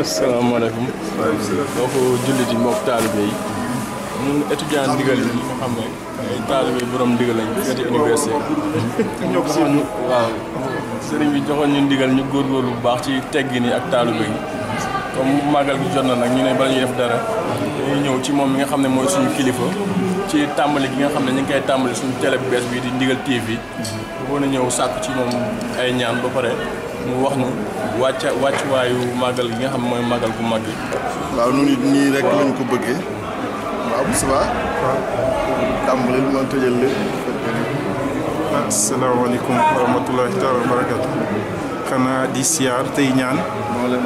asalaamaaleykum donc jullit yi mbokk taalibe yi ñun étudiant ndigal yi nga xam ne ay taalibe yi ndigal lañ fii ci université bi joxoon ñu ñu góorgóorlu bu baax ci teggin ak taalibe yi comme màggal gi jot na nag ñu ne bala ñuy def dara dañuy ñëw ci moom mi nga xam ne mooy suñu kilifa ci tàmbali gi nga xam ne ñu ngi koy tàmbali suñu télé bu bees bii di ndigal TV bu ko na ñëw sàkk ci moom ay ñaan ba pare mu wax nu wàcc wàccuwaayu màggal gi nga xam mooy màggal gu mag yi. waaw ñun nii rek lañ ko bëggee. waaw bu subaa. waaw tàmbali ma tëjal lépp. asalaamaaleykum wa rahmatulahi taala xanaa di siyaar tey ñaan.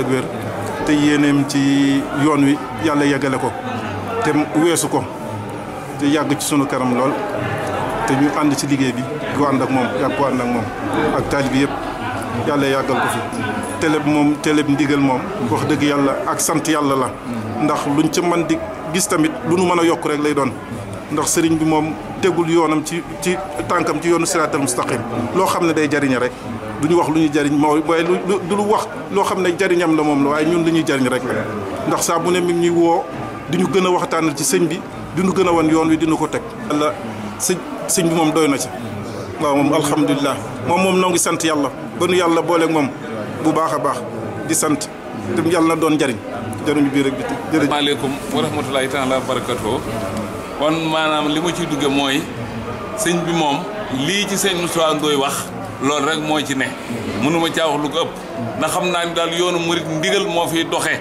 ak wér te yéeneem ci yoon wi yàlla yeggale ko. te weesu ko. te yàgg ci sunu kanam lool. te ñu ànd ci liggéey bi. di ànd ak moom ak moom. ak bi yëpp. yàlla yàggal ko fi télé bi moom télé bi ndigal moom wax dëgg yàlla ak sant yàlla la ndax lu luñ ca man di gis tamit lu nu mën a yokk rek lay doon ndax sëriñ bi moom tegul yoonam ci ci tànkam ci yoonu siraatal mustaqim loo xam ne day jariñe rek du ñu wax lu ñu jariñ moo waaye du lu wax loo xam ne jariñam la moom la waaye ñun lu ñuy jariñ rek ndax saa bu ne mi ñuy woo di ñu gën a waxtaanal ci sëñ bi di ñu gën a wan yoon wi dina ko teg. yàlla sëñ sëñ bi moom doy na ci. waaw moom alhamdulilah moom moom noo sant yàlla ba nu yàlla booleeg moom bu baax a baax di sant te yàlla na doon njariñ jariñu biir ak biti jërëjëf maaleykum wa rahmatulahi taala wa barakatuh kon maanaam li ma ciy dugge mooy sëñ bi moom lii ci sëñ Moussa Ndoye wax loolu rek moo ci ne mënu ma caa wax lu ndax xam naa ni daal yoonu murit ndigal moo fiy doxee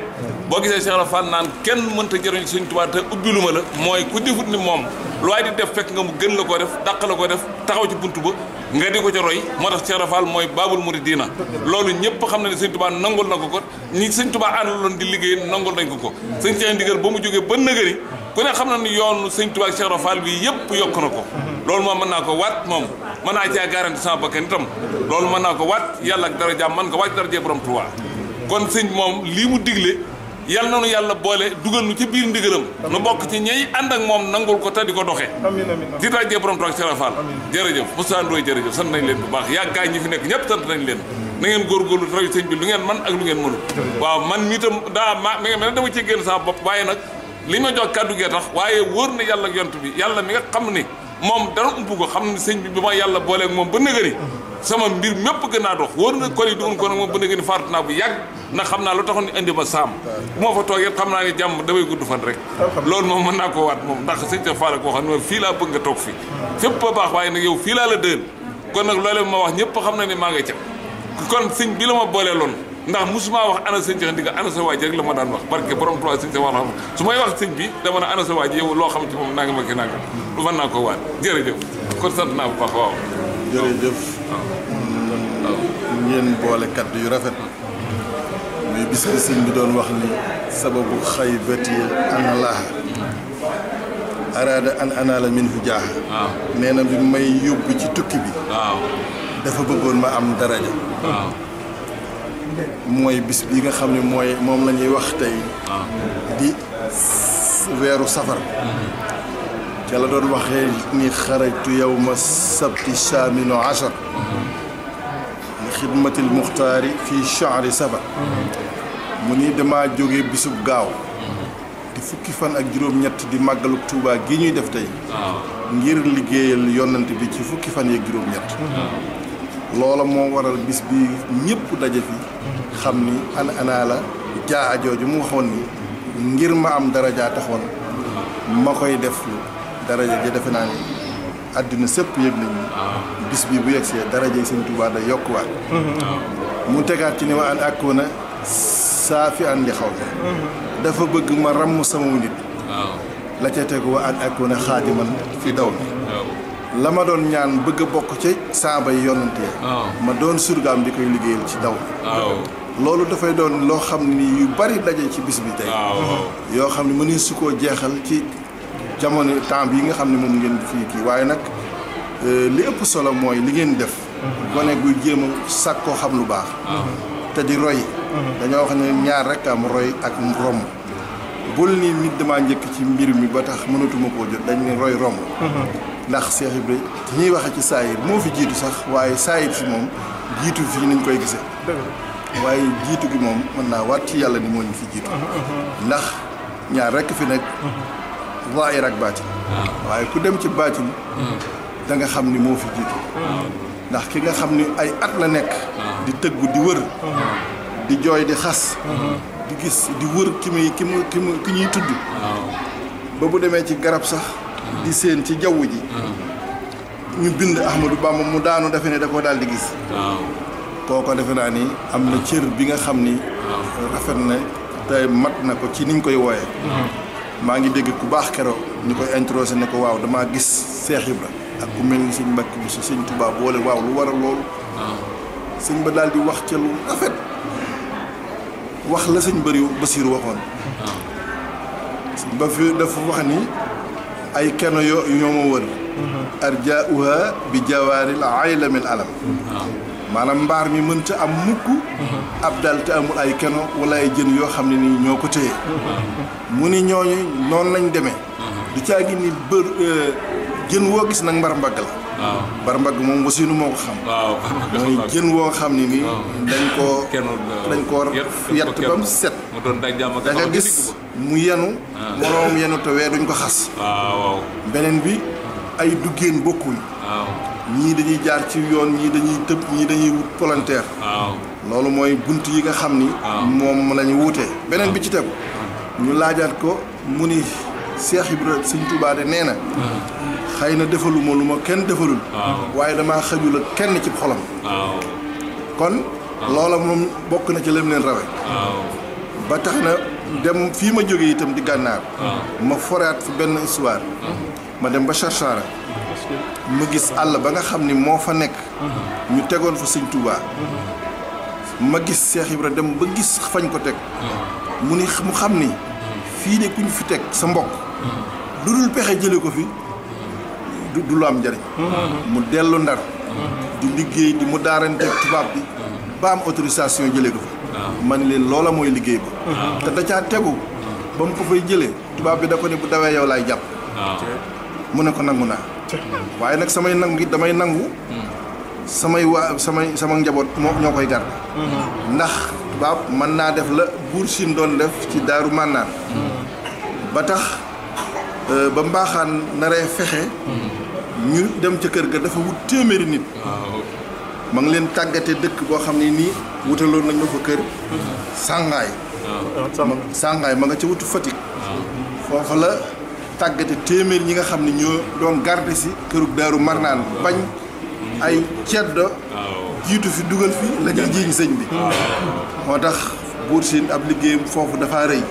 boo gisee Cheikh Fall naan kenn mënta jëriñ sëñ Tuubaa te ubbi ma la mooy ku defut ni moom lu waay di def fekk nga mu gën la ko def dàq la ko def taxaw ci bunt ba nga di ko ca roy moo tax Cheikh Rafal mooy baabul muridiina loolu ñëpp xam na ne sëñ Tuubaa nangul na ko ko ñi sëñ Tuubaa àndaloon di ko ko sëñ Cheikh Ndigal ba mu jógee ba nëgëri ku na ne yoonu sëñ Tuubaa Cheikh Rafal bi yëpp yokk na ko loolu moom mën naa ko waat moom mën naa caa garanti sama bakkan itam loolu mën naa ko waat yàlla ak dara man ko waat dara jee borom Tuubaa kon sëñ moom lii mu digle yal na nu yàlla boole dugal nu ci biir ndigalam nu bokk ci ñey ànd ak moom nangul ko te di ko doxe ci dajee borom toog Sëriñ Fall jërëjëf Moussa Ndoye jërëjëf sant nañ leen bu baax yàggaay ñi fi nekk ñëpp sant nañ leen na ngeen góorgóorlu raw sëñ bi lu ngeen man ak lu ngeen mënul waaw man mii tam daa ma mi mel ne dama ci génn a bopp waaye nag li ma jox kàddu gee tax waaye wóor na yàlla yont bi yàlla mi nga xam ni moom dara ump ko xam ne sëñ bi bi ma yàlla booleeg moom ba nëgëri sama mbir mépp gën naa dox wóor na kon yi dugun ko nag moom bu ne ngeen faatu naa bu yàgg ndax xam naa lu taxoon indi ma saam bu ma fa toogee xam naa ne jàmm damay gudd fan loolu moom mën naa ko waat moom ndax sëñ ta faala koo xam ne fii laa bëgg nga toog fi fépp ba baax waaye nag yow fii laa la dëën kon nag loolee ma wax na ne maa nga ca kon sëñ bi la ma boolee loon ndax musuma wax ana sëñ waa ji la ma daan wax barke borom trois sëñ sa wax bi dama ne ana sa waa yow loo xam ci moom nanga ma ki nanga mën naa ko waat jërëjëf kon sant naa bu baax waaw jërëjëf ngeen boole kaddu yu rafet muy bis bi bi doon wax ni sababu xaybati ana laaha araada an anaala min fu jaaxa nee na bi may yóbbu ci tukki bi dafa bëggoon ma am daraja mooy bis bi nga xam ne mooy moom lañuy wax tey di weeru safar mm-hmm. كلا دون وخي إني خرجت يوم السبت الثامن عشر لخدمة المختار في شهر سبع مني دما جوغي بسوب غاو di fukki fan ak juróom ñett di màggaluk Touba gi ñuy def tey ngir liggéeyal yonante bi ci fukki fan yeeg juróom ñett loola moo waral bis bi ñëpp daje fi xam ni an anaa la jaa jooju mu waxoon ni ngir ma am daraja taxoon ma koy def daraja ji defe naa ni àddina sëpp yëg nañ bis bi bu yegsee daraja yi sëñ Tuubaa day yokkuwaat mu tegaat ci ni wa an akuna saafi an li xaw mi dafa bëgg ma ràmm sama nit la ca tegu wa an akuna xaadiman fi daw mi la ma doon ñaan bëgg a bokk ci saaba yi yonante ma doon surgaam di koy liggéeyal ci daw loolu dafay doon loo xam ni yu bari daje ci bis bi tey yoo xam ne mënuñ su koo jeexal ci jamono temps yi nga xam ne moom ngeen fii kii waaye nag euh, li ëpp solo mooy li ngeen def. gone guy jéem a koo xam lu baax. te di roy. dañoo wax ne ñaar rek am roy ak romb. bul ni nit damaa njëkk ci mbir mi ba tax mënatuma koo jot dañ ne roy romb. ndax Cheikh Ibrahima ñuy waxe ci saayir moo fi jiitu sax waaye saayir si moom jiitu fii nañ koy gisee. waaye jiitu gi moom mën naa waat ci yàlla ni moo ñu fi jiitu. ndax ñaar rek fi nekk. zaahir ak baatin ah. waaye ku dem ci baatin hmm. da nga xam ni moo fi jiitu hmm. ndax ki nga xam ni ay at la nekk hmm. di tëggu di wër di jooy di xas di gis di wër ki muy ki mu ki mu ki ñuy tudd ba bu demee ci garab sax di séen ci jaww ji ñu bind Ahmadou Bamba mu daanu defe ne da ko daal di gis kooko defe naa ni am na cër bi nga xam ni rafet na te mat na ko ci niñ koy wooye maa ngi dégg ku baax keroog ñu koy introsé ne ko waaw damaa gis Seex ba ak ku mel ni sëñ Mbàkke bi su sëñ Tuubaa boole waaw lu war a loolu sëñ ba daal di wax ca lu rafet wax la sëñ bëri Basiir waxoon ba fi dafa wax ni ay kenn yo ñoo ma wër mm-hmm. arjaauha bi jawaaril aylamil alam mm-hmm. maanaam mbaar mi mënta am mukk ab dal te amul ay keno wala ay jën yoo xam ne nii ñoo ko téye mu ni ñooñu noonu lañ demee du caa gi ni bër euh, jën woo gis nag mbar mbagg la mbar mbagg moom wasinu moo ko xam mooy jën woo xam ne ni dañ koo euh, dañ koo yett ba mu set da nga gis mu yenu ah. moroom yenu te wee duñ ko xas beneen bi ay duggeen bokkuñ ñii dañuy jaar ci yoon ñii dañuy tëb ñii dañuy wut loolu mooy bunt yi nga xam ni. moom la ñu wutee. beneen bi ci tegu. ñu laajaat ko mu ni Cheikh Ibrahima Sëñ Tuubaa de nee na. xëy na defaluma lu ma kenn defalul. waaye damaa xajul kenn ci xolam. kon loola moom bokk na ci lim leen rawe ba tax na dem fii ma jóge itam di gànnaar. ma foraat fi benn histoire. ma dem ba Charchara. ma gis àll ba nga xam ni moo fa nekk. ñu tegoon fa sëñ Touba. ma gis Cheikh Ibra dem ba gis fañ ko teg. mu ni mu xam ni. fii de kuñ fi teg sa mbokk. lu dul pexe jële ko fi du du am njariñ mu dellu ndar. di liggéey di mu daaranteeg tubaab bi. ba am autorisation jëlee ko fa. ma ne leen loola mooy liggéey ba. te da caa tegu. ba mu ko fay jëlee. tubaab bi da ko ne bu dawee yow laay jàpp. Ah. mu ne ko nangu naa. waye nak samay nang gi damay nangu samay wa samay samang jabot mo ñokoy gar ndax bab man na def la bour siin doon def ci daaru mànnaan ba tax euh, ba mbaaxaan naree fexe ñu dem ci kër ga dafa wut téeméeri nit ma ngi leen tagaté dëkk bo xamni ni wutaloon nañ fa kër sàngaay ah. sangay ma nga ca wutu Fatick ah. fofu la tàggate téeméer ñi nga xam ne ñoo doon garde si këru daaru marnaan bañ ay ceddo jiitu fi dugal fi la ñuy jiiñ sëñ bi moo tax buur siin ab liggéeyam foofu dafa rëy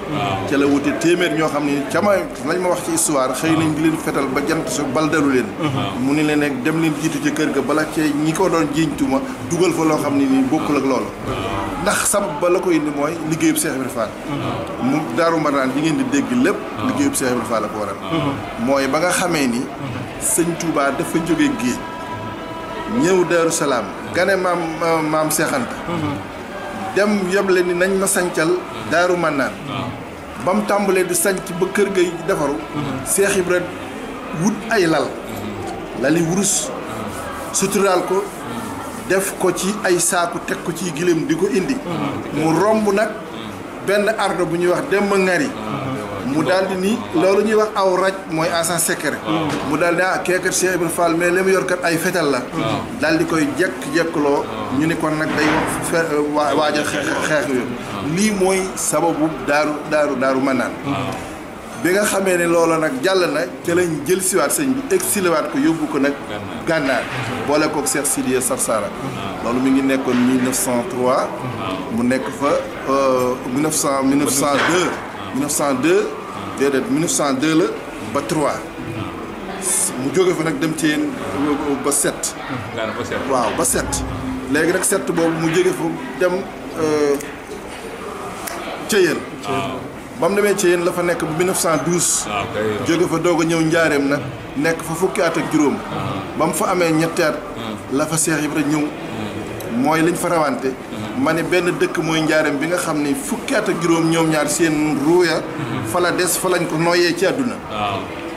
ca la wute téeméer ñoo xam ne ca ma lañ ma wax ci histoire xëy nañ di leen fetal ba jant su bal dalu leen mu ni leen nag dem leen jiitu ci kër ga bala cee ñi ko doon jiiñtuma dugal fa loo xam ne nii bokkul ak loolu ndax sabab ba la koy indi mooy liggéeyub Cheikh Ibrahima Fall mu daaru mbanaan yi ngeen di dégg lépp liggéeyub Cheikh Ibrahima Fall la ko waral mooy ba nga xamee ni sëñ Touba dafa jóge géej ñëw Daaru Salaam gane maam maam Seexanta dem yeble ni nañ ma sancal daaru mannaan ba tàmbalee di sanc ba kër gay defaru mm-hmm. Seex Ibra wut ay lal mm-hmm. lali wurus mm-hmm. suturaal ko def ko ci ay saaku teg ko ci giléem di ko indi mu romb nag benn ardo bu ñuy wax dem ma ngari mu daal di ni loolu ñuy wax aw raj mooy agent secret hmm. mu daal di ah keekat Cheikh Ibrahima Fall mais li mu yor kat ay fetal la hmm. Hmm. daal di koy jekk-jekkloo ñu ne kon nag day wax waaj a xeex yu lii mooy sababu daaru daaru daaru manaan bi nga xamee ne looloo nag jàll na te lañ jël siwaat sëñ bi exiliwaat ko yóbbu ko nag gànnaar boole kook Cheikh Sidiya Sarsara loolu mu ngi nekkoon 1903 mu nekk fa 1900 euh, 1902 1902. déedéet 1902 la ba 3. mu jóge fa nag dem ci yéen ba waaw ba 7. léegi nag 7 boobu mu jóge fa dem euh, Thièyène. ba mu demee Thièyène la fa nekk bu 1912. waaw jóge fa doog a ñëw Njaareem nag nekk fa fukki at ak juróom. Ah. ba mu fa amee ñetti at. Ah. la fa Seex Ibra ñëw. Ah. mooy lañ fa rawante. ma ne benn dëkk mooy njaareem bi nga xam ne fukki at ak juróom ñoom ñaar seen ruuya fa la des fa lañ ko nooyee ci àdduna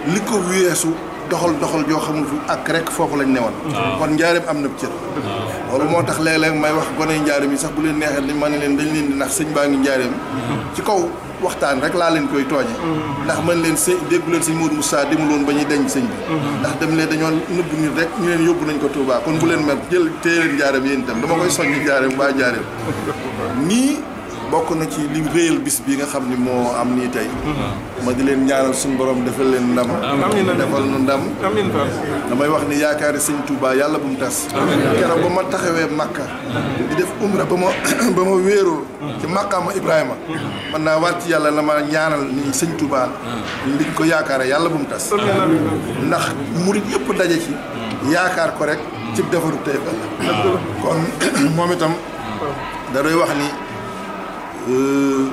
li ko weesu doxal doxal joo xamul ak rek foofu lañ newoon kon njaareem am na cër loolu moo tax léeg-léeg may wax gone njaareem yi sax bu leen neexee dañ ma ne leen dañ leen di nax sëñ baa ngi njaareem mm-hmm. ci kaw waxtaan rek laa leen koy tooñe mhm. ndax man leen sëñ déggu leen sëñ Modou Moussa demuloon ba ñuy deñ sëñ bi mhm. ndax dem leen dañoo nëbb nit rek ñu leen yóbbu nañ ko Touba kon bu leen mer jël téye leen jaareem yéen itam dama koy soññ jaareem waa jaareem nii bokk na ci li réyal bis bi nga xam ni moo am nii tey ma di leen ñaanal suñu borom defal leen ndam defal nu ndam damay wax ni yaakaar sëñ Touba yàlla bu mu tas keroog ba ma taxawee Makka di def umra ba ma ba ma wéerul ci màqaama Ibrahima man naa waat ci yàlla na ma ñaanal ni sëñ Touba liñ ko yaakaare yàlla bu mu tas ndax murit yëpp daje ci yaakaar ko rek ci defaru tey kon moom itam da doy wax ni Euh,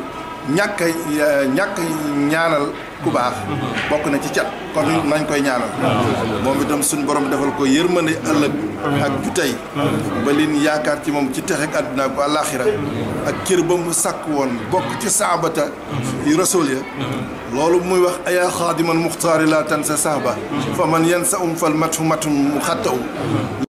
ñàkk euh, ñàkk ñaanal ku baax bokk na ci cat kon nañ koy ñaanal moom itam suñ borom defal ko yërmande ëllëg ak ju tey ba yaakaar ci moom ci texek àdduna bu àllaaxira ak cër ba mu sàkk woon bokk ci saabata yu rasul ya loolu muy wax ayaa xaadiman muxtaari laa tan sa saaba fa man yan sa um fal matu matum mu xatta um